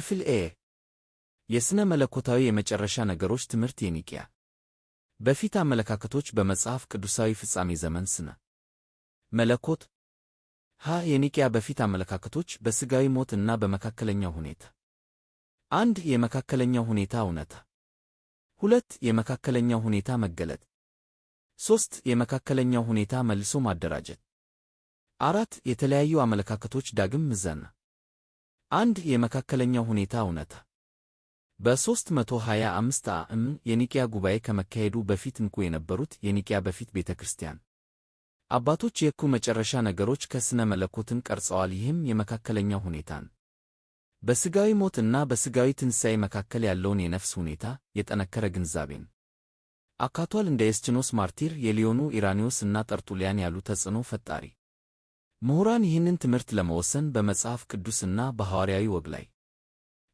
ክፍል ኤ የሥነ መለኮታዊ የመጨረሻ ነገሮች ትምህርት የኒቅያ በፊት አመለካከቶች በመጽሐፍ ቅዱሳዊ ፍጻሜ ዘመን ስነ መለኮት ሀ የኒቅያ በፊት አመለካከቶች በሥጋዊ ሞት እና በመካከለኛው ሁኔታ አንድ የመካከለኛው ሁኔታ እውነታ ሁለት የመካከለኛው ሁኔታ መገለጥ ሦስት የመካከለኛው ሁኔታ መልሶ ማደራጀት አራት የተለያዩ አመለካከቶች ዳግም ምዘና አንድ የመካከለኛው ሁኔታ እውነታ በ325 ዓ.ም የኒቅያ ጉባኤ ከመካሄዱ በፊት እንኩ የነበሩት የኒቅያ በፊት ቤተ ክርስቲያን አባቶች የኩ መጨረሻ ነገሮች ከሥነ መለኮትን ቀርጸዋል። ይህም የመካከለኛው ሁኔታን በሥጋዊ ሞት እና በሥጋዊ ትንሣኤ መካከል ያለውን የነፍስ ሁኔታ የጠነከረ ግንዛቤን አካቷል። እንደ ኤስችኖስ ማርቲር፣ የሊዮኑ ኢራኒዮስ እና ጠርጡሊያን ያሉ ተጽዕኖ ፈጣሪ ምሁራን ይህንን ትምህርት ለመወሰን በመጽሐፍ ቅዱስና በሐዋርያዊ ወግ ላይ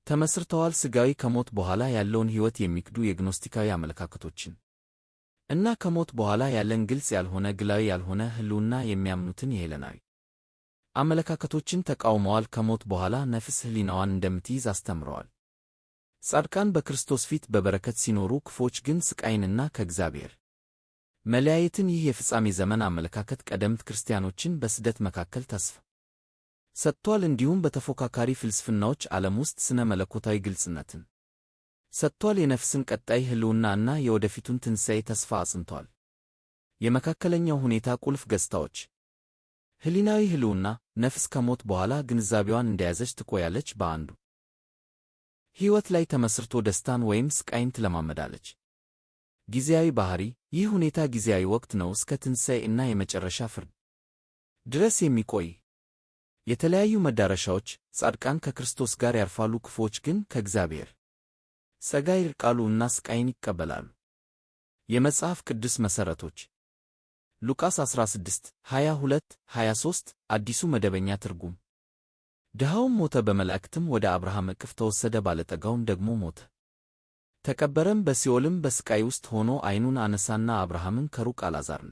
ተመስርተዋል። ሥጋዊ ከሞት በኋላ ያለውን ሕይወት የሚክዱ የግኖስቲካዊ አመለካከቶችን እና ከሞት በኋላ ያለን ግልጽ ያልሆነ ግላዊ ያልሆነ ሕልውና የሚያምኑትን የሄለናዊ አመለካከቶችን ተቃውመዋል። ከሞት በኋላ ነፍስ ሕሊናዋን እንደምትይዝ አስተምረዋል። ጻድቃን በክርስቶስ ፊት በበረከት ሲኖሩ፣ ክፎች ግን ሥቃይንና ከእግዚአብሔር መለያየትን ይህ የፍጻሜ ዘመን አመለካከት ቀደምት ክርስቲያኖችን በስደት መካከል ተስፋ ሰጥቷል፣ እንዲሁም በተፎካካሪ ፍልስፍናዎች ዓለም ውስጥ ስነ መለኮታዊ ግልጽነትን ሰጥቷል። የነፍስን ቀጣይ ሕልውና እና የወደፊቱን ትንሣኤ ተስፋ አጽንቷል። የመካከለኛው ሁኔታ ቁልፍ ገጽታዎች ሕሊናዊ ሕልውና ነፍስ ከሞት በኋላ ግንዛቤዋን እንደያዘች ትቆያለች፣ በአንዱ ሕይወት ላይ ተመስርቶ ደስታን ወይም ስቃይን ትለማመዳለች። ጊዜያዊ ባህሪ ይህ ሁኔታ ጊዜያዊ ወቅት ነው፣ እስከ ትንሣኤ እና የመጨረሻ ፍርድ ድረስ የሚቆይ የተለያዩ መዳረሻዎች። ጻድቃን ከክርስቶስ ጋር ያርፋሉ፣ ክፉዎች ግን ከእግዚአብሔር ሰጋ ይርቃሉ እና ስቃይን ይቀበላሉ። የመጽሐፍ ቅዱስ መሠረቶች ሉቃስ 16 22 23 አዲሱ መደበኛ ትርጉም ድሃውም ሞተ፣ በመላእክትም ወደ አብርሃም እቅፍ ተወሰደ፣ ባለጠጋውም ደግሞ ሞተ። ተቀበረም በሲኦልም በስቃይ ውስጥ ሆኖ ዐይኑን አነሳና አብርሃምን ከሩቅ አልዓዛርን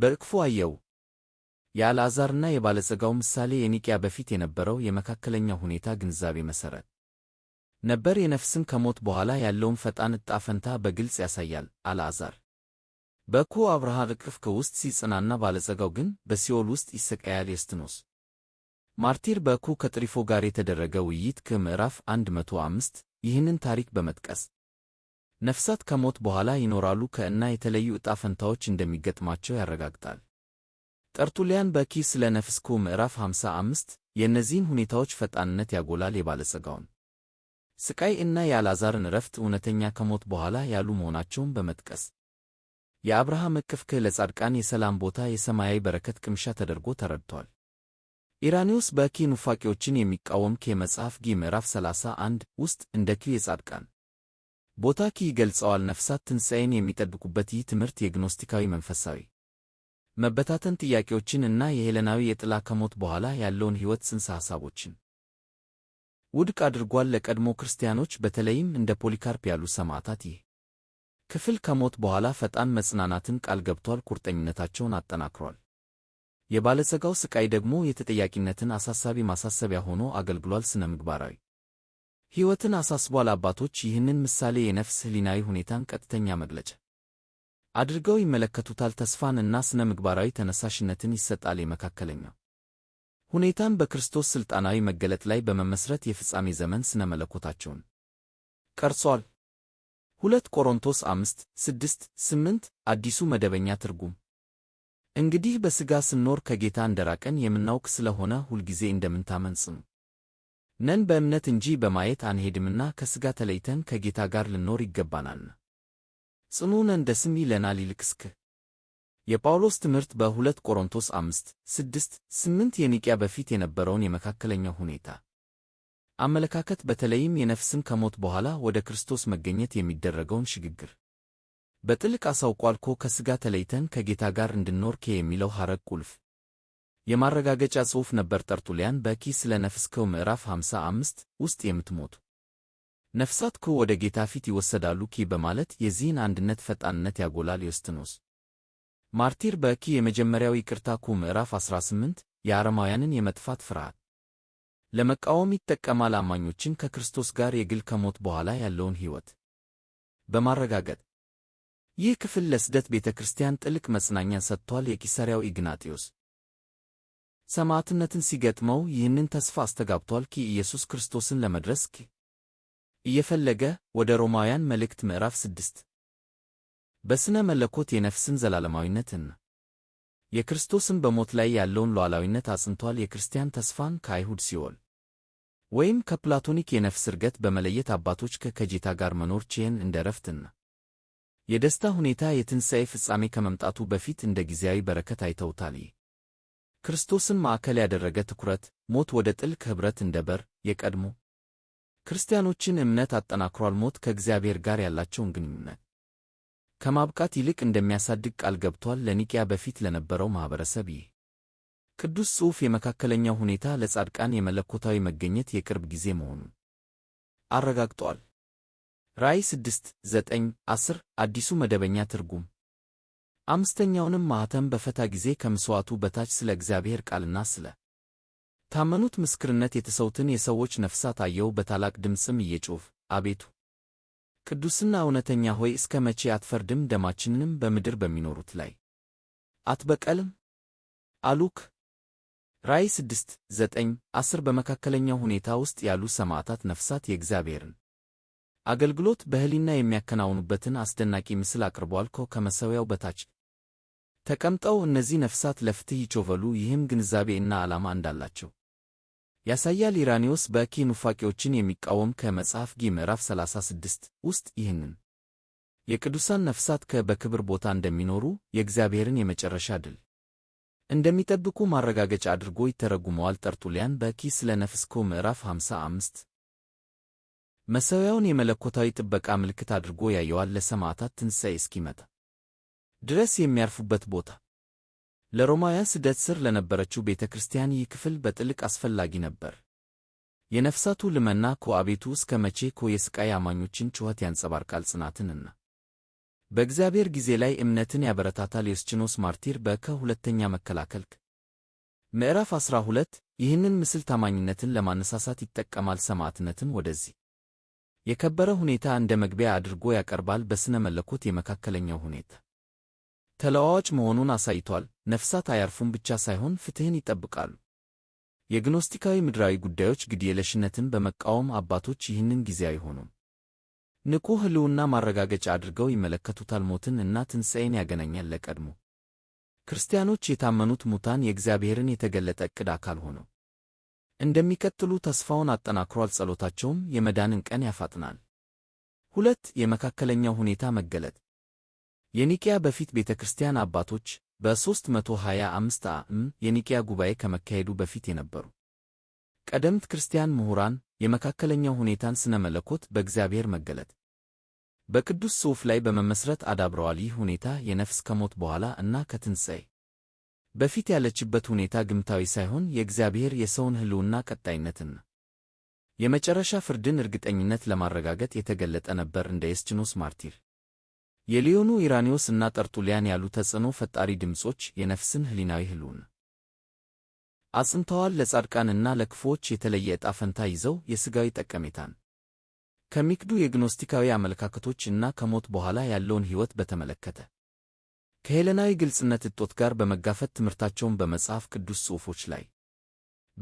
በእቅፉ አየው። የአልዓዛርና የባለጸጋው ምሳሌ የኒቅያ በፊት የነበረው የመካከለኛ ሁኔታ ግንዛቤ መሠረት ነበር። የነፍስን ከሞት በኋላ ያለውን ፈጣን ዕጣ ፈንታ በግልጽ ያሳያል። አልዓዛር በእኩ አብርሃም እቅፍ ውስጥ ሲጽናና፣ ባለጸጋው ግን በሲኦል ውስጥ ይሰቃያል። የስትኖስ ማርቲር በእኩ ከጥሪፎ ጋር የተደረገ ውይይት ከምዕራፍ 105 ይህንን ታሪክ በመጥቀስ ነፍሳት ከሞት በኋላ ይኖራሉ ከእና የተለዩ ዕጣ ፈንታዎች እንደሚገጥማቸው ያረጋግጣል። ጠርቱሊያን በኪ ስለ ነፍስኩ ምዕራፍ 55 የእነዚህን ሁኔታዎች ፈጣንነት ያጎላል። የባለጸጋውን ስቃይ እና የአልዓዛርን ዕረፍት እውነተኛ ከሞት በኋላ ያሉ መሆናቸውን በመጥቀስ የአብርሃም እቅፍ ለጻድቃን የሰላም ቦታ የሰማያዊ በረከት ቅምሻ ተደርጎ ተረድቷል። ኢራኒዮስ በኪ ኑፋቂዎችን የሚቃወም ኬ መጽሐፍ ጊ ምዕራፍ 31 ውስጥ እንደ ኪ የጻድቃን ቦታ ኪ ይገልጸዋል። ነፍሳት ትንሣኤን የሚጠብቁበት ይህ ትምህርት የግኖስቲካዊ መንፈሳዊ መበታተን ጥያቄዎችን እና የሄለናዊ የጥላ ከሞት በኋላ ያለውን ሕይወት ጽንሰ ሐሳቦችን ውድቅ አድርጓል። ለቀድሞ ክርስቲያኖች በተለይም እንደ ፖሊካርፕ ያሉ ሰማዕታት ይህ ክፍል ከሞት በኋላ ፈጣን መጽናናትን ቃል ገብቷል፣ ቁርጠኝነታቸውን አጠናክሯል። የባለጸጋው ስቃይ ደግሞ የተጠያቂነትን አሳሳቢ ማሳሰቢያ ሆኖ አገልግሏል። ስነ ምግባራዊ ሕይወትን አሳስቧል። አባቶች ይህንን ምሳሌ የነፍስ ሕሊናዊ ሁኔታን ቀጥተኛ መግለጫ አድርገው ይመለከቱታል። ተስፋን እና ስነ ምግባራዊ ተነሳሽነትን ይሰጣል። የመካከለኛው ሁኔታን በክርስቶስ ሥልጣናዊ መገለጥ ላይ በመመስረት የፍጻሜ ዘመን ስነ መለኮታቸውን ቀርጿል። ሁለት ቆሮንቶስ አምስት ስድስት ስምንት አዲሱ መደበኛ ትርጉም እንግዲህ በሥጋ ስንኖር ከጌታ እንደራቀን የምናውቅ ስለሆነ ሁልጊዜ እንደምንታመንጽም ጽኑ ነን። በእምነት እንጂ በማየት አንሄድምና ከሥጋ ተለይተን ከጌታ ጋር ልኖር ይገባናል። ጽኑ ነን ደስም ይለናል። ይልቅስክ የጳውሎስ ትምህርት በ2 ቆሮንቶስ 5 6 8 የኒቅያ በፊት የነበረውን የመካከለኛው ሁኔታ አመለካከት በተለይም የነፍስን ከሞት በኋላ ወደ ክርስቶስ መገኘት የሚደረገውን ሽግግር በጥልቅ አሳውቋልኮ ከሥጋ ተለይተን ከጌታ ጋር እንድንኖርኬ የሚለው ሐረግ ቁልፍ የማረጋገጫ ጽሑፍ ነበር። ጠርቱሊያን በኪ ስለ ነፍስከው ምዕራፍ 55 ውስጥ የምትሞቱ ነፍሳት ኮ ወደ ጌታ ፊት ይወሰዳሉ ኪ በማለት የዚህን አንድነት ፈጣንነት ያጎላል። ዮስትኖስ ማርቲር በኪ የመጀመሪያው ይቅርታ ኩ ምዕራፍ 18 የአረማውያንን የመጥፋት ፍርሃት ለመቃወም ይጠቀማል። አማኞችን ከክርስቶስ ጋር የግል ከሞት በኋላ ያለውን ሕይወት በማረጋገጥ ይህ ክፍል ለስደት ቤተ ክርስቲያን ጥልቅ መጽናኛን ሰጥቷል። የቂሳሪያው ኢግናጢዮስ ሰማዕትነትን ሲገጥመው ይህንን ተስፋ አስተጋብቷል። ኪ ኢየሱስ ክርስቶስን ለመድረስ ኪ እየፈለገ ወደ ሮማውያን መልእክት ምዕራፍ ስድስት በሥነ መለኮት የነፍስን ዘላለማዊነትን የክርስቶስን በሞት ላይ ያለውን ሉዓላዊነት አጽንቷል። የክርስቲያን ተስፋን ከአይሁድ ሲኦል ወይም ከፕላቶኒክ የነፍስ እርገት በመለየት አባቶች ከከጄታ ጋር መኖር ቼን እንደ ረፍትና የደስታ ሁኔታ የትንሣኤ ፍጻሜ ከመምጣቱ በፊት እንደ ጊዜያዊ በረከት አይተውታል። ክርስቶስን ማዕከል ያደረገ ትኩረት ሞት ወደ ጥልቅ ኅብረት እንደ በር የቀድሞ ክርስቲያኖችን እምነት አጠናክሯል። ሞት ከእግዚአብሔር ጋር ያላቸውን ግንኙነት ከማብቃት ይልቅ እንደሚያሳድግ ቃል ገብቷል። ለኒቅያ በፊት ለነበረው ማኅበረሰብ ይህ ቅዱስ ጽሑፍ የመካከለኛው ሁኔታ ለጻድቃን የመለኮታዊ መገኘት የቅርብ ጊዜ መሆኑን አረጋግጧል። ራእይ ስድስት ዘጠኝ አስር አዲሱ መደበኛ ትርጉም አምስተኛውንም ማኅተም በፈታ ጊዜ ከምሥዋዕቱ በታች ስለ እግዚአብሔር ቃልና ስለ ታመኑት ምስክርነት የተሰውትን የሰዎች ነፍሳት አየው። በታላቅ ድምፅም እየጮፍ አቤቱ ቅዱስና እውነተኛ ሆይ እስከ መቼ አትፈርድም? ደማችንንም በምድር በሚኖሩት ላይ አትበቀልም አሉክ። ራእይ 6 9 አስር በመካከለኛው ሁኔታ ውስጥ ያሉ ሰማዕታት ነፍሳት የእግዚአብሔርን አገልግሎት በህሊና የሚያከናውኑበትን አስደናቂ ምስል አቅርቧል። ኮ ከመሠዊያው በታች ተቀምጠው እነዚህ ነፍሳት ለፍትህ ይቾቨሉ ይህም ግንዛቤ እና ዓላማ እንዳላቸው ያሳያል። ኢራኒዎስ በኪ ኑፋቂዎችን የሚቃወም ከመጽሐፍ ጊ ምዕራፍ 36 ውስጥ ይህንን የቅዱሳን ነፍሳት ከ በክብር ቦታ እንደሚኖሩ የእግዚአብሔርን የመጨረሻ ድል እንደሚጠብቁ ማረጋገጫ አድርጎ ይተረጉመዋል። ጠርቱሊያን በኪ ስለ ነፍስ ኮ ምዕራፍ 55 መሠዊያውን የመለኮታዊ ጥበቃ ምልክት አድርጎ ያየዋል። ለሰማዕታት ትንሣኤ እስኪመጣ ድረስ የሚያርፉበት ቦታ ለሮማውያን ስደት ስር ለነበረችው ቤተ ክርስቲያን ይህ ክፍል በጥልቅ አስፈላጊ ነበር። የነፍሳቱ ልመና ኮ አቤቱ እስከ መቼ ኮ የሥቃይ አማኞችን ጩኸት ያንጸባርቃል። ጽናትንና በእግዚአብሔር ጊዜ ላይ እምነትን ያበረታታል። የስችኖስ ማርቲር በከ ሁለተኛ መከላከልክ ምዕራፍ 12 ይህንን ምስል ታማኝነትን ለማነሳሳት ይጠቀማል። ሰማዕትነትን ወደዚህ የከበረ ሁኔታ እንደ መግቢያ አድርጎ ያቀርባል። በሥነ መለኮት የመካከለኛው ሁኔታ ተለዋዋጭ መሆኑን አሳይቷል። ነፍሳት አያርፉም ብቻ ሳይሆን ፍትሕን ይጠብቃሉ። የግኖስቲካዊ ምድራዊ ጉዳዮች ግድየለሽነትን በመቃወም አባቶች ይህንን ጊዜ አይሆኑም ንቁ ሕልውና ማረጋገጫ አድርገው ይመለከቱታል። ሞትን እና ትንሣኤን ያገናኛል። ለቀድሞ ክርስቲያኖች የታመኑት ሙታን የእግዚአብሔርን የተገለጠ ዕቅድ አካል ሆነው እንደሚከትሉ ተስፋውን አጠናክሯል። ጸሎታቸውም የመዳንን ቀን ያፋጥናል። ሁለት የመካከለኛው ሁኔታ መገለጥ የኒቅያ በፊት ቤተ ክርስቲያን አባቶች በ325 ዓ.ም የኒቅያ ጉባኤ ከመካሄዱ በፊት የነበሩ ቀደምት ክርስቲያን ምሁራን የመካከለኛው ሁኔታን ስነ መለኮት በእግዚአብሔር መገለጥ በቅዱስ ጽሑፍ ላይ በመመስረት አዳብረዋል። ይህ ሁኔታ የነፍስ ከሞት በኋላ እና ከትንሣኤ በፊት ያለችበት ሁኔታ ግምታዊ ሳይሆን የእግዚአብሔር የሰውን ሕልውና ቀጣይነትን የመጨረሻ ፍርድን እርግጠኝነት ለማረጋገጥ የተገለጠ ነበር። እንደ የስችኖስ ማርቲር፣ የሊዮኑ ኢራኒዮስ እና ጠርጡልያን ያሉ ተጽዕኖ ፈጣሪ ድምፆች የነፍስን ሕሊናዊ ሕልውና አጽንተዋል። ለጻድቃንና ለክፉዎች የተለየ ዕጣ ፈንታ ይዘው የሥጋዊ ጠቀሜታን ከሚክዱ የግኖስቲካዊ አመለካከቶች እና ከሞት በኋላ ያለውን ሕይወት በተመለከተ ከሄለናዊ ግልጽነት እጦት ጋር በመጋፈጥ ትምህርታቸውን በመጽሐፍ ቅዱስ ጽሑፎች ላይ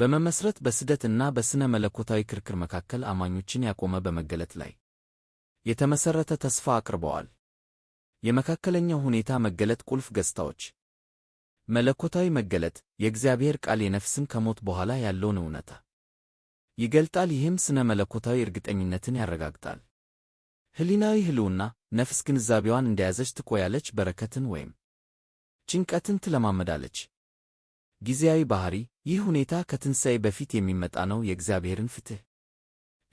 በመመስረት በስደት እና በሥነ መለኮታዊ ክርክር መካከል አማኞችን ያቆመ በመገለጥ ላይ የተመሠረተ ተስፋ አቅርበዋል። የመካከለኛው ሁኔታ መገለጥ ቁልፍ ገጽታዎች መለኮታዊ መገለጥ የእግዚአብሔር ቃል የነፍስን ከሞት በኋላ ያለውን እውነታ ይገልጣል። ይህም ሥነ መለኮታዊ እርግጠኝነትን ያረጋግጣል። ህሊናዊ ህልውና ነፍስ ግንዛቤዋን እንደያዘች ትቆያለች። በረከትን ወይም ጭንቀትን ትለማመዳለች። ጊዜያዊ ባህሪ ይህ ሁኔታ ከትንሣኤ በፊት የሚመጣ ነው። የእግዚአብሔርን ፍትሕ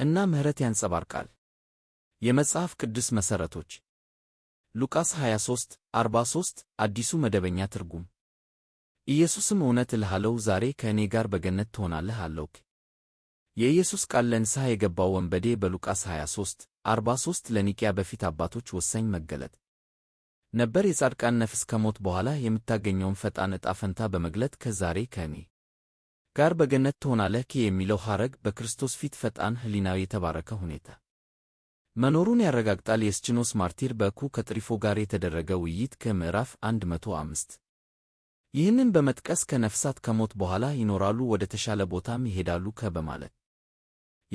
እና ምሕረት ያንጸባርቃል። የመጽሐፍ ቅዱስ መሠረቶች ሉቃስ 23 43 አዲሱ መደበኛ ትርጉም ኢየሱስም እውነት እልሃለሁ ዛሬ ከእኔ ጋር በገነት ትሆናለህ አለውክ። የኢየሱስ ቃል ለንስሐ የገባው ወንበዴ በሉቃስ 23 43 ለኒቅያ በፊት አባቶች ወሳኝ መገለጥ ነበር። የጻድቃን ነፍስ ከሞት በኋላ የምታገኘውን ፈጣን ዕጣ ፈንታ በመግለጥ ከዛሬ ከእኔ ጋር በገነት ትሆናለህ የሚለው ሐረግ በክርስቶስ ፊት ፈጣን ሕሊናዊ የተባረከ ሁኔታ መኖሩን ያረጋግጣል። የስችኖስ ማርቲር በኩ ከጥሪፎ ጋር የተደረገ ውይይት ከምዕራፍ 105 ይህንን በመጥቀስ ከነፍሳት ከሞት በኋላ ይኖራሉ፣ ወደ ተሻለ ቦታም ይሄዳሉ ከበማለት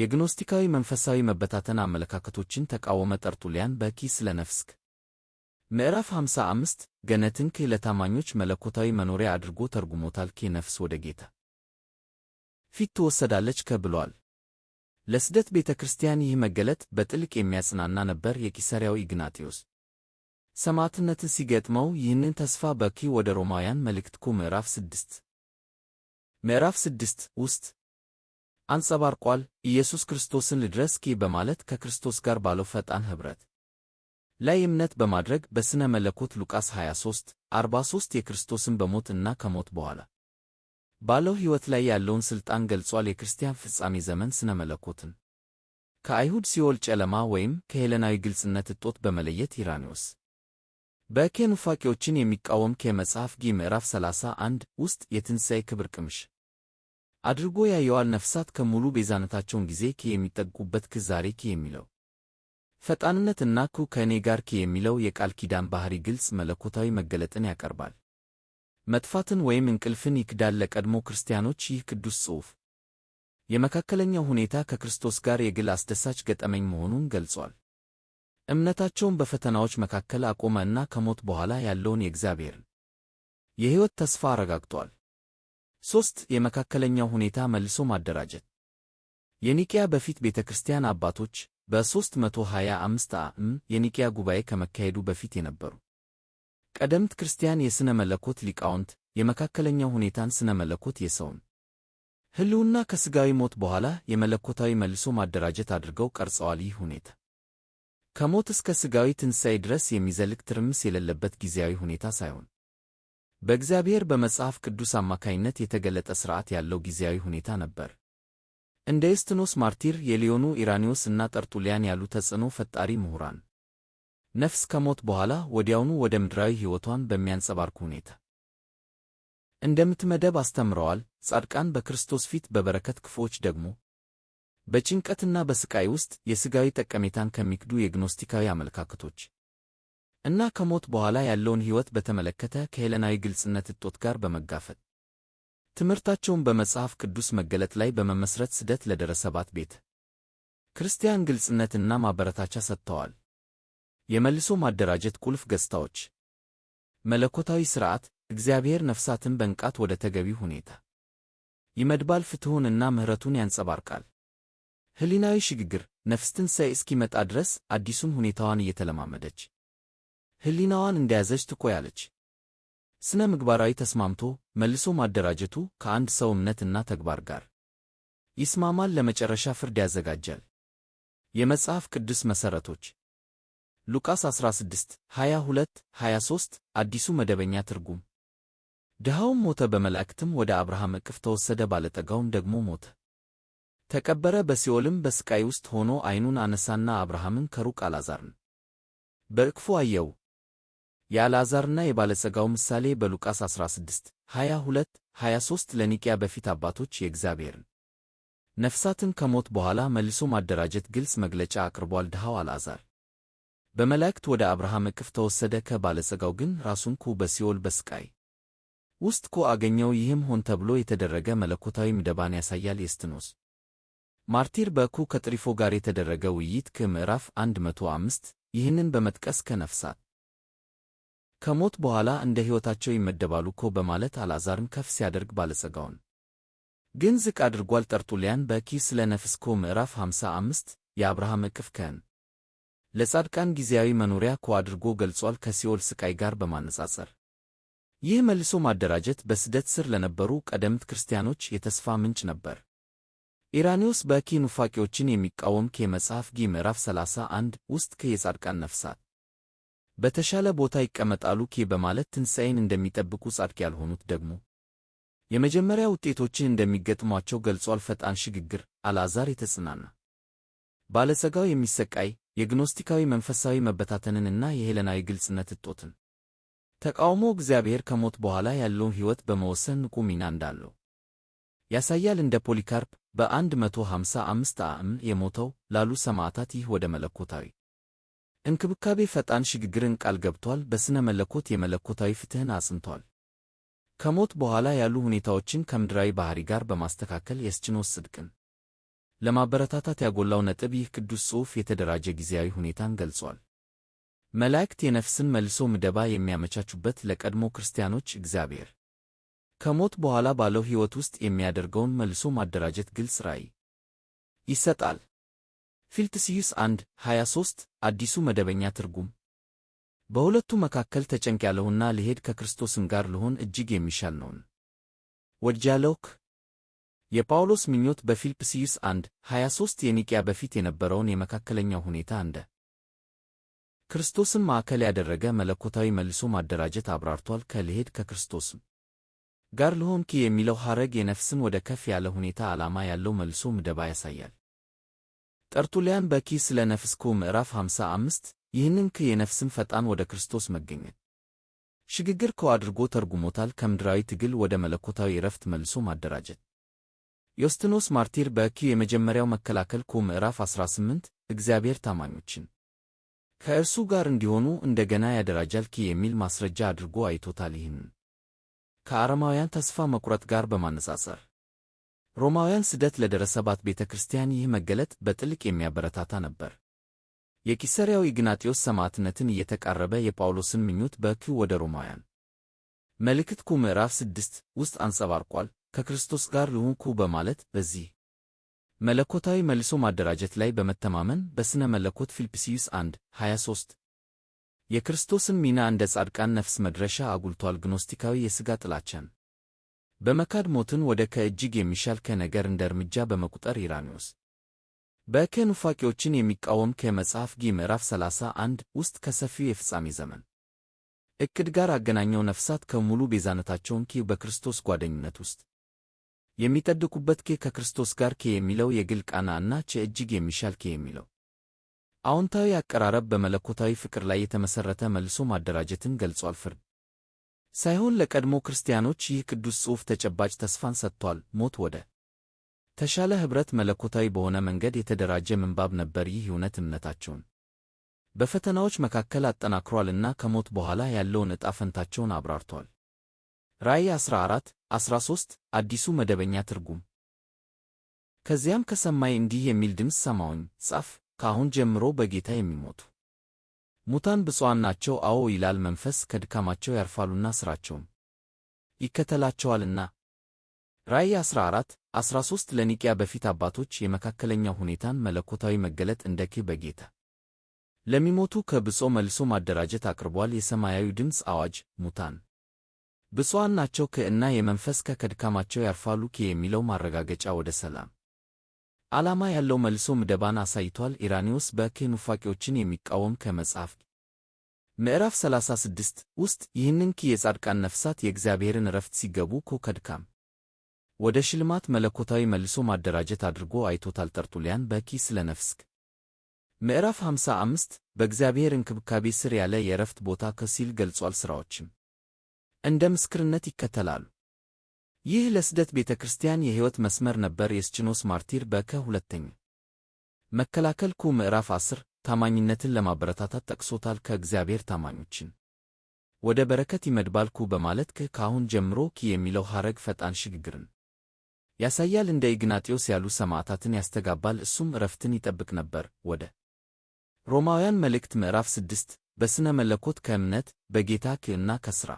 የግኖስቲካዊ መንፈሳዊ መበታተን አመለካከቶችን ተቃወመ። ጠርቱሊያን በኪ ስለ ነፍስክ ምዕራፍ 55 ገነትን ክ ለታማኞች መለኮታዊ መኖሪያ አድርጎ ተርጉሞታል። ኬ ነፍስ ወደ ጌታ ፊት ትወሰዳለች ከብሏል። ለስደት ቤተ ክርስቲያን ይህ መገለጥ በጥልቅ የሚያጽናና ነበር። የቂሳሪያው ኢግናጢዮስ ሰማዕትነትን ሲገጥመው ይህንን ተስፋ በኪ ወደ ሮማውያን መልእክት ኩ ምዕራፍ 6 ምዕራፍ 6 ውስጥ አንጸባርቋል። ኢየሱስ ክርስቶስን ልድረስ ኪ በማለት ከክርስቶስ ጋር ባለው ፈጣን ኅብረት ላይ እምነት በማድረግ በሥነ መለኮት ሉቃስ 23 43 የክርስቶስን በሞት እና ከሞት በኋላ ባለው ሕይወት ላይ ያለውን ሥልጣን ገልጿል። የክርስቲያን ፍጻሜ ዘመን ሥነ መለኮትን ከአይሁድ ሲኦል ጨለማ ወይም ከሄለናዊ ግልጽነት እጦት በመለየት ኢራኔዎስ በኬ ኑፋቄዎችን የሚቃወም ኬ መጽሐፍ ጊ ምዕራፍ 31 ውስጥ የትንሣኤ ክብር ቅምሽ አድርጎ ያየዋል። ነፍሳት ከሙሉ ቤዛነታቸውን ጊዜ ኪ የሚጠጉበት ክ ዛሬ ኪ የሚለው ፈጣንነትና ኩ ከእኔ ጋር ኪ የሚለው የቃል ኪዳን ባህሪ ግልጽ መለኮታዊ መገለጥን ያቀርባል። መጥፋትን ወይም እንቅልፍን ይክዳል። ለቀድሞ ክርስቲያኖች ይህ ቅዱስ ጽሑፍ የመካከለኛው ሁኔታ ከክርስቶስ ጋር የግል አስደሳች ገጠመኝ መሆኑን ገልጿል። እምነታቸውን በፈተናዎች መካከል አቆመ እና ከሞት በኋላ ያለውን የእግዚአብሔርን የሕይወት ተስፋ አረጋግጧል። ሦስት የመካከለኛው ሁኔታ መልሶ ማደራጀት የኒቅያ በፊት ቤተ ክርስቲያን አባቶች በ325 ዓ.ም የኒቅያ ጉባኤ ከመካሄዱ በፊት የነበሩ ቀደምት ክርስቲያን የሥነ መለኮት ሊቃውንት የመካከለኛው ሁኔታን ሥነ መለኮት የሰውን ሕልውና ከሥጋዊ ሞት በኋላ የመለኮታዊ መልሶ ማደራጀት አድርገው ቀርጸዋል። ይህ ሁኔታ ከሞት እስከ ሥጋዊ ትንሣኤ ድረስ የሚዘልቅ ትርምስ የሌለበት ጊዜያዊ ሁኔታ ሳይሆን በእግዚአብሔር በመጽሐፍ ቅዱስ አማካይነት የተገለጠ ሥርዓት ያለው ጊዜያዊ ሁኔታ ነበር። እንደ ኤስትኖስ ማርቲር፣ የሊዮኑ ኢራኒዮስ እና ጠርጡሊያን ያሉ ተጽዕኖ ፈጣሪ ምሁራን ነፍስ ከሞት በኋላ ወዲያውኑ ወደ ምድራዊ ሕይወቷን በሚያንጸባርቅ ሁኔታ እንደምትመደብ አስተምረዋል። ጻድቃን በክርስቶስ ፊት፣ በበረከት ክፉዎች ደግሞ በጭንቀትና በሥቃይ ውስጥ የሥጋዊ ጠቀሜታን ከሚክዱ የግኖስቲካዊ አመለካከቶች እና ከሞት በኋላ ያለውን ሕይወት በተመለከተ ከሄለናዊ ግልጽነት እጦት ጋር በመጋፈጥ ትምህርታቸውን በመጽሐፍ ቅዱስ መገለጥ ላይ በመመስረት ስደት ለደረሰባት ቤተ ክርስቲያን ግልጽነትና ማበረታቻ ሰጥተዋል። የመልሶ ማደራጀት ቁልፍ ገጽታዎች መለኮታዊ ሥርዓት እግዚአብሔር ነፍሳትን በንቃት ወደ ተገቢው ሁኔታ ይመድባል፣ ፍትሑንና ምሕረቱን ያንጸባርቃል። ሕሊናዊ ሽግግር ነፍስትን ሳይ እስኪመጣ ድረስ አዲሱን ሁኔታዋን እየተለማመደች ሕሊናዋን እንደያዘች ትቆያለች። ስነ ምግባራዊ ተስማምቶ መልሶ ማደራጀቱ ከአንድ ሰው እምነትና ተግባር ጋር ይስማማል፣ ለመጨረሻ ፍርድ ያዘጋጃል። የመጽሐፍ ቅዱስ መሠረቶች ሉቃስ 16 22 23 አዲሱ መደበኛ ትርጉም ድሃውም ሞተ፣ በመላእክትም ወደ አብርሃም እቅፍ ተወሰደ። ባለጠጋውም ደግሞ ሞተ፣ ተቀበረ፣ በሲኦልም በሥቃይ ውስጥ ሆኖ አይኑን አነሳና አብርሃምን ከሩቅ አላዛርን። በእቅፉ አየው። የአልዓዛርና የባለጸጋው ምሳሌ በሉቃስ 16 22 23 ለኒቅያ በፊት አባቶች የእግዚአብሔርን ነፍሳትን ከሞት በኋላ መልሶ ማደራጀት ግልጽ መግለጫ አቅርቧል። ድሃው አልዓዛር በመላእክት ወደ አብርሃም እቅፍ ተወሰደ፣ ከባለጸጋው ግን ራሱን ኩ በሲኦል በስቃይ ውስጥ ኩ አገኘው። ይህም ሆን ተብሎ የተደረገ መለኮታዊ ምደባን ያሳያል። የስትኖስ ማርቲር በኩ ከጥሪፎ ጋር የተደረገ ውይይት ከምዕራፍ 105 ይህንን በመጥቀስ ከነፍሳት ከሞት በኋላ እንደ ሕይወታቸው ይመደባሉ እኮ በማለት አልዓዛርን ከፍ ሲያደርግ ባለጸጋውን ግን ዝቅ አድርጓል። ጠርጡልያን በኪ ስለ ኮ ምዕራፍ 55 የአብርሃም እቅፍ ከን ለጻድቃን ጊዜያዊ መኖሪያ ኮ አድርጎ ገልጿል ከሲኦል ሥቃይ ጋር በማነጻጸር። ይህ መልሶ ማደራጀት በስደት ስር ለነበሩ ቀደምት ክርስቲያኖች የተስፋ ምንጭ ነበር። ኢራኒዎስ በኪ ኑፋቂዎችን የሚቃወም ከመጽሐፍ ጊ ምዕራፍ 31 ውስጥ ከየጻድቃን ነፍሳት በተሻለ ቦታ ይቀመጣሉ ኬ በማለት ትንሣኤን እንደሚጠብቁ ጻድቅ ያልሆኑት ደግሞ የመጀመሪያ ውጤቶችን እንደሚገጥሟቸው ገልጿል። ፈጣን ሽግግር አልዓዛር የተጽናና ባለጸጋው የሚሰቃይ የግኖስቲካዊ መንፈሳዊ መበታተንንና የሄለናዊ ግልጽነት እጦትን ተቃውሞ እግዚአብሔር ከሞት በኋላ ያለውን ሕይወት በመወሰን ንቁ ሚና እንዳለው ያሳያል። እንደ ፖሊካርፕ በ መቶ አም የሞተው ላሉ ሰማዕታት ይህ ወደ መለኮታዊ እንክብካቤ ፈጣን ሽግግርን ቃል ገብቷል። በሥነ መለኮት የመለኮታዊ ፍትሕን አጽንቷል። ከሞት በኋላ ያሉ ሁኔታዎችን ከምድራዊ ባሕሪ ጋር በማስተካከል የስችኖስ ጽድቅን ለማበረታታት ያጎላው ነጥብ ይህ ቅዱስ ጽሑፍ የተደራጀ ጊዜያዊ ሁኔታን ገልጿል። መላእክት የነፍስን መልሶ ምደባ የሚያመቻቹበት ለቀድሞ ክርስቲያኖች እግዚአብሔር ከሞት በኋላ ባለው ሕይወት ውስጥ የሚያደርገውን መልሶ ማደራጀት ግልጽ ራእይ ይሰጣል። ፊልትስዩስ 1 23 አዲሱ መደበኛ ትርጉም በሁለቱ መካከል ተጨንቅ ያለሁና ልሄድ ከክርስቶስም ጋር ልሆን እጅግ የሚሻል ነውን ወድጃለውክ የጳውሎስ ምኞት በፊልጵስዩስ 1 23 የኒቅያ በፊት የነበረውን የመካከለኛው ሁኔታ እንደ ክርስቶስን ማዕከል ያደረገ መለኮታዊ መልሶ ማደራጀት አብራርቷል። ከልሄድ ከክርስቶስም ጋር ልሆንክ የሚለው ሐረግ የነፍስን ወደ ከፍ ያለ ሁኔታ ዓላማ ያለው መልሶ ምደባ ያሳያል። ጠርቱሊያን በኪ ስለ ነፍስኩ ምዕራፍ 55 ይህንን ክ የነፍስን ፈጣን ወደ ክርስቶስ መገኘት ሽግግር ከው አድርጎ ተርጉሞታል። ከምድራዊ ትግል ወደ መለኮታዊ እረፍት መልሶ ማደራጀት። ዮስትኖስ ማርቲር በኪ የመጀመሪያው መከላከል ኮ ምዕራፍ 18 እግዚአብሔር ታማኞችን ከእርሱ ጋር እንዲሆኑ እንደገና ያደራጃል ኪ የሚል ማስረጃ አድርጎ አይቶታል። ይህንን ከአረማውያን ተስፋ መቁረጥ ጋር በማነጻጸር ሮማውያን ስደት ለደረሰባት ቤተ ክርስቲያን ይህ መገለጥ በጥልቅ የሚያበረታታ ነበር። የቂሳርያው ኢግናጢዮስ ሰማዕትነትን እየተቃረበ የጳውሎስን ምኞት በኩ ወደ ሮማውያን መልእክት ኩ ምዕራፍ ስድስት ውስጥ አንጸባርቋል። ከክርስቶስ ጋር ልሁንኩ በማለት በዚህ መለኮታዊ መልሶ ማደራጀት ላይ በመተማመን በሥነ መለኮት ፊልጵስዩስ 1 23 የክርስቶስን ሚና እንደ ጻድቃን ነፍስ መድረሻ አጉልቷል። ግኖስቲካዊ የሥጋ ጥላቻን በመካድ ሞትን ወደ ከእጅግ የሚሻል ከነገር እንደ እርምጃ በመቁጠር ኢራኒዎስ በከ ኑፋቂዎችን የሚቃወም ከመጽሐፍ ጊ ምዕራፍ 31 ውስጥ ከሰፊው የፍጻሜ ዘመን እቅድ ጋር አገናኘው። ነፍሳት ከሙሉ ቤዛነታቸውን ኪ በክርስቶስ ጓደኝነት ውስጥ የሚጠድቁበት ኬ ከክርስቶስ ጋር ኬ የሚለው የግል ቃና እና ቸ እጅግ የሚሻል ኬ የሚለው አዎንታዊ አቀራረብ በመለኮታዊ ፍቅር ላይ የተመሠረተ መልሶ ማደራጀትን ገልጿል። ፍርድ ሳይሆን ለቀድሞ ክርስቲያኖች ይህ ቅዱስ ጽሑፍ ተጨባጭ ተስፋን ሰጥቷል። ሞት ወደ ተሻለ ኅብረት መለኮታዊ በሆነ መንገድ የተደራጀ ምንባብ ነበር። ይህ እውነት እምነታቸውን በፈተናዎች መካከል አጠናክሯልና ከሞት በኋላ ያለውን ዕጣ ፈንታቸውን አብራርቷል። ራእይ 14 13 አዲሱ መደበኛ ትርጉም ከዚያም ከሰማይ እንዲህ የሚል ድምፅ ሰማሁኝ፣ ጻፍ፣ ከአሁን ጀምሮ በጌታ የሚሞቱ ሙታን ብፁዓን ናቸው አዎ ይላል መንፈስ ከድካማቸው ያርፋሉና ሥራቸውም ይከተላቸዋልና። ራእይ 14 13 ለኒቅያ በፊት አባቶች የመካከለኛው ሁኔታን መለኮታዊ መገለጥ እንደ ኪ በጌታ ለሚሞቱ ከብሶ መልሶ ማደራጀት አቅርቧል። የሰማያዊ ድምፅ አዋጅ ሙታን ብፁዓን ናቸው ከእና የመንፈስ ከድካማቸው ያርፋሉ ኪ የሚለው ማረጋገጫ ወደ ሰላም ዓላማ ያለው መልሶ ምደባን አሳይቷል። ኢራኒዎስ በክህ ኑፋቂዎችን የሚቃወም ከመጽሐፍ ምዕራፍ 36 ውስጥ ይህንን ኪ የጻድቃን ነፍሳት የእግዚአብሔርን እረፍት ሲገቡ ኮከድካም ወደ ሽልማት መለኮታዊ መልሶ ማደራጀት አድርጎ አይቶታል። ጠርጡልያን በኪ ስለ ነፍስክ ምዕራፍ 55 በእግዚአብሔር እንክብካቤ ስር ያለ የእረፍት ቦታ ከሲል ገልጿል። ሥራዎችም እንደ ምስክርነት ይከተላሉ። ይህ ለስደት ቤተ ክርስቲያን የሕይወት መስመር ነበር። የስችኖስ ማርቲር በከ ሁለተኝ መከላከል ኩ ምዕራፍ 10 ታማኝነትን ለማበረታታት ጠቅሶታል። ከእግዚአብሔር ታማኞችን ወደ በረከት ይመድባል ኩ በማለት ክህ ከአሁን ጀምሮ ኪ የሚለው ሐረግ ፈጣን ሽግግርን ያሳያል። እንደ ኢግናጢዮስ ያሉ ሰማዕታትን ያስተጋባል። እሱም እረፍትን ይጠብቅ ነበር። ወደ ሮማውያን መልእክት ምዕራፍ 6 በሥነ መለኮት ከእምነት በጌታ ክህና ከሥራ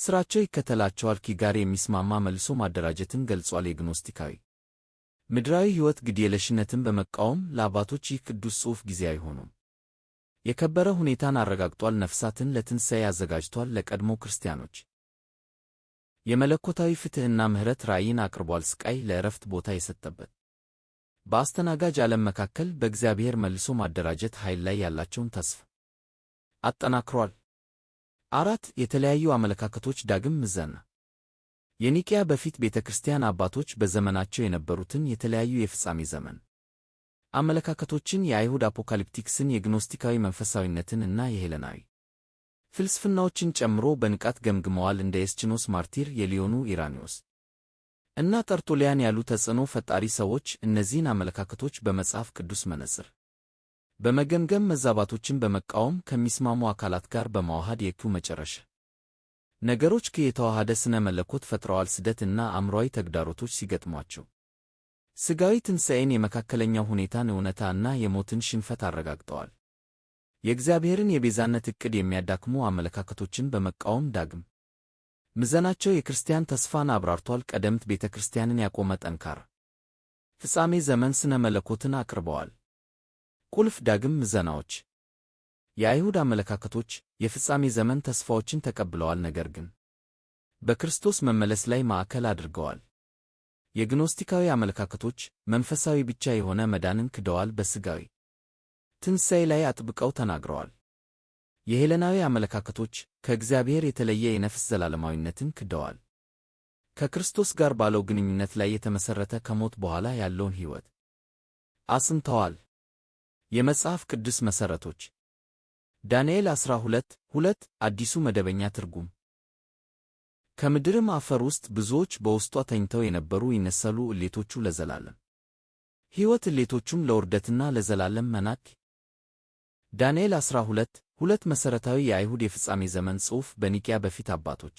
ሥራቸው ይከተላቸዋል። ኪጋር የሚስማማ መልሶ ማደራጀትን ገልጿል። የግኖስቲካዊ ምድራዊ ሕይወት ግዴለሽነትን በመቃወም ለአባቶች ይህ ቅዱስ ጽሑፍ ጊዜ አይሆኑም የከበረ ሁኔታን አረጋግጧል። ነፍሳትን ለትንሣኤ አዘጋጅቷል። ለቀድሞ ክርስቲያኖች የመለኮታዊ ፍትሕና ምሕረት ራእይን አቅርቧል። ሥቃይ ለእረፍት ቦታ የሰጠበት በአስተናጋጅ ዓለም መካከል በእግዚአብሔር መልሶ ማደራጀት ኃይል ላይ ያላቸውን ተስፋ አጠናክሯል። አራት የተለያዩ አመለካከቶች ዳግም ምዘና የኒቅያ በፊት ቤተ ክርስቲያን አባቶች በዘመናቸው የነበሩትን የተለያዩ የፍጻሜ ዘመን አመለካከቶችን የአይሁድ አፖካሊፕቲክስን፣ የግኖስቲካዊ መንፈሳዊነትን እና የሄለናዊ ፍልስፍናዎችን ጨምሮ በንቃት ገምግመዋል። እንደ የስችኖስ ማርቲር፣ የሊዮኑ ኢራኒዮስ እና ጠርቶሊያን ያሉ ተጽዕኖ ፈጣሪ ሰዎች እነዚህን አመለካከቶች በመጽሐፍ ቅዱስ መነጽር በመገምገም መዛባቶችን በመቃወም ከሚስማሙ አካላት ጋር በማዋሃድ የኩ መጨረሻ ነገሮች ከየተዋሃደ ስነ መለኮት ፈጥረዋል። ስደት እና አእምሯዊ ተግዳሮቶች ሲገጥሟቸው ሥጋዊ ትንሣኤን፣ የመካከለኛው ሁኔታን እውነታ እና የሞትን ሽንፈት አረጋግጠዋል። የእግዚአብሔርን የቤዛነት ዕቅድ የሚያዳክሙ አመለካከቶችን በመቃወም ዳግም ምዘናቸው የክርስቲያን ተስፋን አብራርቷል። ቀደምት ቤተ ክርስቲያንን ያቆመ ጠንካራ ፍጻሜ ዘመን ስነ መለኮትን አቅርበዋል። ቁልፍ ዳግም ምዘናዎች የአይሁድ አመለካከቶች የፍጻሜ ዘመን ተስፋዎችን ተቀብለዋል፣ ነገር ግን በክርስቶስ መመለስ ላይ ማዕከል አድርገዋል። የግኖስቲካዊ አመለካከቶች መንፈሳዊ ብቻ የሆነ መዳንን ክደዋል፣ በሥጋዊ ትንሣኤ ላይ አጥብቀው ተናግረዋል። የሄለናዊ አመለካከቶች ከእግዚአብሔር የተለየ የነፍስ ዘላለማዊነትን ክደዋል፣ ከክርስቶስ ጋር ባለው ግንኙነት ላይ የተመሠረተ ከሞት በኋላ ያለውን ሕይወት አስንተዋል። የመጽሐፍ ቅዱስ መሠረቶች ዳንኤል 12 2 አዲሱ መደበኛ ትርጉም ከምድርም አፈር ውስጥ ብዙዎች በውስጧ ተኝተው የነበሩ ይነሰሉ እሌቶቹ ለዘላለም ሕይወት፣ እሌቶቹም ለውርደትና ለዘላለም መናክ። ዳንኤል 12 ሁለት መሠረታዊ የአይሁድ የፍጻሜ ዘመን ጽሑፍ በኒቅያ በፊት አባቶች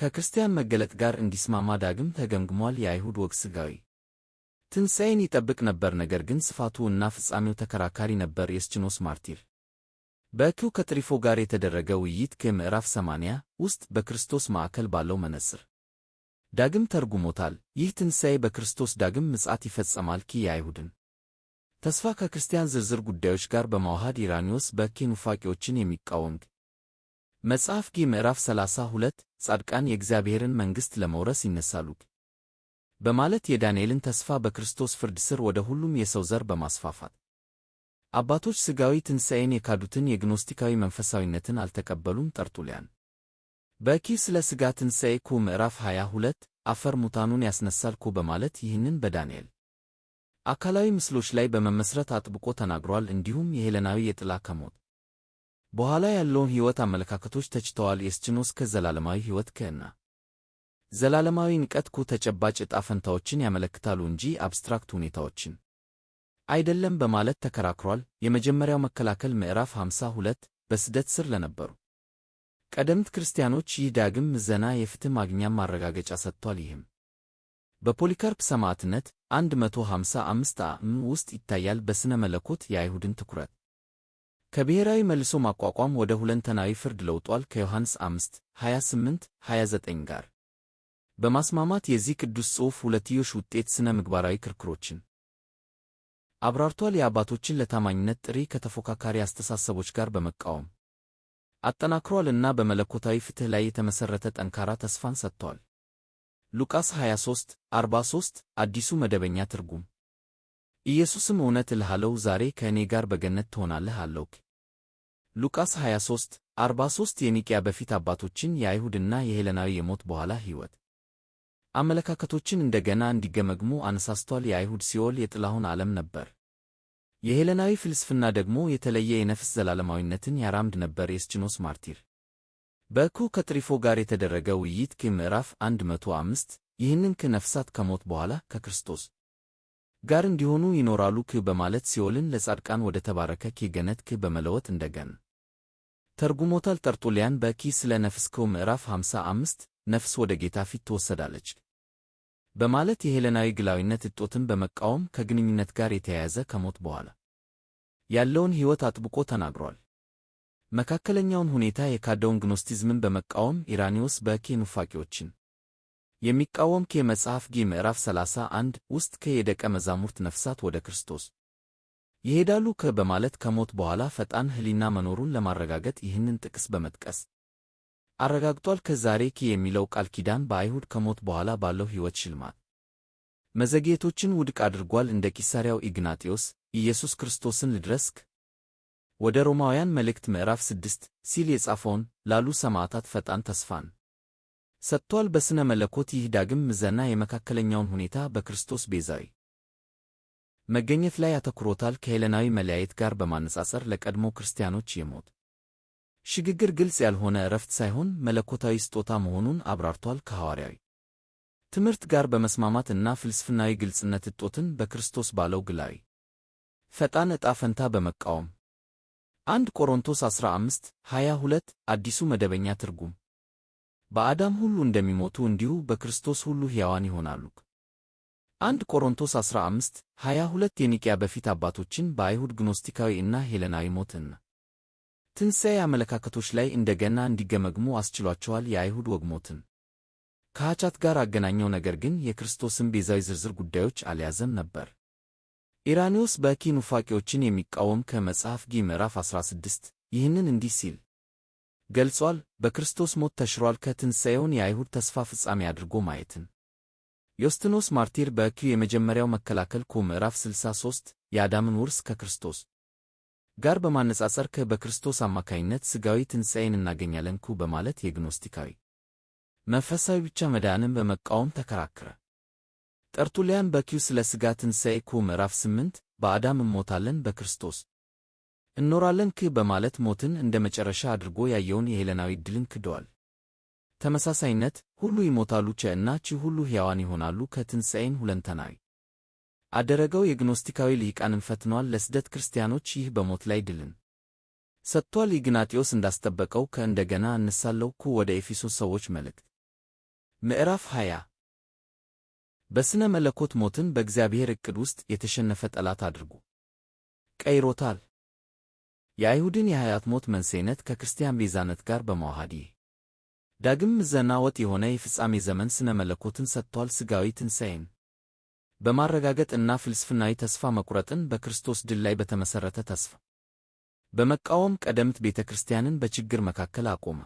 ከክርስቲያን መገለጥ ጋር እንዲስማማ ዳግም ተገምግሟል። የአይሁድ ወግ ሥጋዊ ትንሣኤን ይጠብቅ ነበር፣ ነገር ግን ስፋቱ እና ፍጻሜው ተከራካሪ ነበር። የስችኖስ ማርቲር በኪው ከጥሪፎ ጋር የተደረገ ውይይት ከምዕራፍ 80 ውስጥ በክርስቶስ ማዕከል ባለው መነጽር ዳግም ተርጉሞታል። ይህ ትንሣኤ በክርስቶስ ዳግም ምጽአት ይፈጸማል ኪ የአይሁድን ተስፋ ከክርስቲያን ዝርዝር ጉዳዮች ጋር በማዋሃድ ኢራኒዎስ በኪ ኑፋቂዎችን የሚቃወም መጽሐፍ ጊ ምዕራፍ 32 ጻድቃን የእግዚአብሔርን መንግሥት ለመውረስ ይነሳሉ በማለት የዳንኤልን ተስፋ በክርስቶስ ፍርድ ስር ወደ ሁሉም የሰው ዘር በማስፋፋት አባቶች ሥጋዊ ትንሣኤን የካዱትን የግኖስቲካዊ መንፈሳዊነትን አልተቀበሉም። ጠርጡልያን በኪ ስለ ሥጋ ትንሣኤ ኩ ምዕራፍ 22 አፈር ሙታኑን ያስነሳል ኩ በማለት ይህንን በዳንኤል አካላዊ ምስሎች ላይ በመመስረት አጥብቆ ተናግሯል። እንዲሁም የሄለናዊ የጥላ ከሞት በኋላ ያለውን ሕይወት አመለካከቶች ተችተዋል። የስችኖስ ከዘላለማዊ ሕይወት ከና ዘላለማዊ ንቀት ኩ ተጨባጭ ዕጣ ፈንታዎችን ያመለክታሉ እንጂ አብስትራክት ሁኔታዎችን አይደለም በማለት ተከራክሯል። የመጀመሪያው መከላከል ምዕራፍ 52 በስደት ስር ለነበሩ ቀደምት ክርስቲያኖች ይህ ዳግም ምዘና የፍትህ ማግኛም ማረጋገጫ ሰጥቷል። ይህም በፖሊካርፕ ሰማዕትነት 155 ዓ.ም ውስጥ ይታያል። በሥነ መለኮት የአይሁድን ትኩረት ከብሔራዊ መልሶ ማቋቋም ወደ ሁለንተናዊ ፍርድ ለውጧል። ከዮሐንስ 5 28 29 ጋር በማስማማት የዚህ ቅዱስ ጽሑፍ ሁለትዮሽ ውጤት ሥነ ምግባራዊ ክርክሮችን አብራርቷል። የአባቶችን ለታማኝነት ጥሪ ከተፎካካሪ አስተሳሰቦች ጋር በመቃወም አጠናክሯል እና በመለኮታዊ ፍትሕ ላይ የተመሠረተ ጠንካራ ተስፋን ሰጥቷል። ሉቃስ 23 43 አዲሱ መደበኛ ትርጉም ኢየሱስም እውነት እልሃለሁ ዛሬ ከእኔ ጋር በገነት ትሆናለህ አለውክ ሉቃስ 23 43 የኒቅያ በፊት አባቶችን የአይሁድና የሄለናዊ የሞት በኋላ ሕይወት አመለካከቶችን እንደገና እንዲገመግሙ አነሳስቷል። የአይሁድ ሲኦል የጥላሁን ዓለም ነበር። የሄለናዊ ፍልስፍና ደግሞ የተለየ የነፍስ ዘላለማዊነትን ያራምድ ነበር። የስችኖስ ማርቲር በእኩ ከጥሪፎ ጋር የተደረገ ውይይት ከምዕራፍ 105 ይህንን ከነፍሳት ከሞት በኋላ ከክርስቶስ ጋር እንዲሆኑ ይኖራሉ ክ በማለት ሲኦልን ለጻድቃን ወደ ተባረከ ኪ ገነት ክ በመለወት እንደገን ተርጉሞታል። ጠርጡልያን በኪ ስለ ነፍስ ክው ምዕራፍ 55 ነፍስ ወደ ጌታ ፊት ትወሰዳለች በማለት የሄለናዊ ግላዊነት እጦትን በመቃወም ከግንኙነት ጋር የተያያዘ ከሞት በኋላ ያለውን ሕይወት አጥብቆ ተናግሯል። መካከለኛውን ሁኔታ የካደውን ግኖስቲዝምን በመቃወም ኢራኒዎስ በኬ ኑፋቂዎችን የሚቃወም ኬ መጽሐፍ ጊ ምዕራፍ 31 ውስጥ ከ የደቀ መዛሙርት ነፍሳት ወደ ክርስቶስ ይሄዳሉ ከ በማለት ከሞት በኋላ ፈጣን ሕሊና መኖሩን ለማረጋገጥ ይህንን ጥቅስ በመጥቀስ አረጋግጧል። ከዛሬ ኪ የሚለው ቃል ኪዳን በአይሁድ ከሞት በኋላ ባለው ሕይወት ሽልማት መዘግየቶችን ውድቅ አድርጓል። እንደ ቂሳርያው ኢግናጢዮስ ኢየሱስ ክርስቶስን ልድረስክ ወደ ሮማውያን መልእክት ምዕራፍ ስድስት ሲል የጻፈውን ላሉ ሰማዕታት ፈጣን ተስፋን ሰጥቷል። በሥነ መለኮት ይህ ዳግም ምዘና የመካከለኛውን ሁኔታ በክርስቶስ ቤዛዊ መገኘት ላይ ያተኩሮታል። ከሄለናዊ መለያየት ጋር በማነጻጸር ለቀድሞ ክርስቲያኖች የሞት ሽግግር ግልጽ ያልሆነ እረፍት ሳይሆን መለኮታዊ ስጦታ መሆኑን አብራርቷል። ከሐዋርያዊ ትምህርት ጋር በመስማማት እና ፍልስፍናዊ ግልጽነት እጦትን በክርስቶስ ባለው ግላዊ ፈጣን ዕጣ ፈንታ በመቃወም አንድ ቆሮንቶስ 15 22 አዲሱ መደበኛ ትርጉም በአዳም ሁሉ እንደሚሞቱ እንዲሁ በክርስቶስ ሁሉ ሕያዋን ይሆናሉ። አንድ ቆሮንቶስ 15 22 የኒቅያ በፊት አባቶችን በአይሁድ ግኖስቲካዊ እና ሄለናዊ ሞት ትንሣኤ አመለካከቶች ላይ እንደገና እንዲገመግሙ አስችሏቸዋል። የአይሁድ ወግሞትን ከኃጢአት ጋር አገናኘው፣ ነገር ግን የክርስቶስን ቤዛዊ ዝርዝር ጉዳዮች አልያዘም ነበር። ኢራኒዎስ በኪ ኑፋቄዎችን የሚቃወም ከመጽሐፍ ጊ ምዕራፍ 16 ይህንን እንዲህ ሲል ገልጿል። በክርስቶስ ሞት ተሽሯል ከትንሣኤውን የአይሁድ ተስፋ ፍጻሜ አድርጎ ማየትን ዮስትኖስ ማርቲር በኪ የመጀመሪያው መከላከል ኮ ምዕራፍ 63 የአዳምን ውርስ ከክርስቶስ ጋር በማነጻጸር ከ በክርስቶስ አማካይነት ሥጋዊ ትንሣኤን እናገኛለን ኩ በማለት የግኖስቲካዊ መንፈሳዊ ብቻ መዳንን በመቃወም ተከራከረ። ጠርቱሊያን በኪው ስለ ሥጋ ትንሣኤ ኩ ምዕራፍ ስምንት በአዳም እንሞታለን በክርስቶስ እኖራለን ክ በማለት ሞትን እንደ መጨረሻ አድርጎ ያየውን የሄለናዊ ድልን ክደዋል። ተመሳሳይነት ሁሉ ይሞታሉ ቸ እና ቺ ሁሉ ሕያዋን ይሆናሉ ከትንሣኤን ሁለንተናዊ አደረገው የግኖስቲካዊ ልሂቃንን ፈትኗል። ለስደት ክርስቲያኖች ይህ በሞት ላይ ድልን ሰጥቷል። ኢግናጢዮስ እንዳስጠበቀው ከእንደገና እነሳለሁ ኩ ወደ ኤፌሶስ ሰዎች መልእክት ምዕራፍ 20 በሥነ መለኮት ሞትን በእግዚአብሔር ዕቅድ ውስጥ የተሸነፈ ጠላት አድርጉ ቀይሮታል። የአይሁድን የሐያት ሞት መንሴነት ከክርስቲያን ቤዛነት ጋር በመዋሃድ ይህ ዳግም ምዘና ወጥ የሆነ የፍጻሜ ዘመን ሥነ መለኮትን ሰጥቷል። ሥጋዊ ትንሣኤን በማረጋገጥ እና ፍልስፍናዊ ተስፋ መቁረጥን በክርስቶስ ድል ላይ በተመሠረተ ተስፋ በመቃወም ቀደምት ቤተ ክርስቲያንን በችግር መካከል አቆመ።